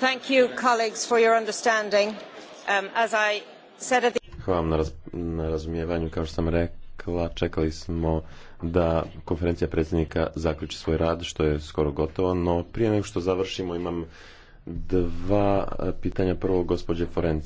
Thank you, Hvala vam na, razumijevanju. Kao što sam rekla, čekali smo da konferencija predsjednika zaključi svoj rad, što je skoro gotovo, no prije nego što završimo imam dva e, pitanja. Prvo, gospođe Forenci.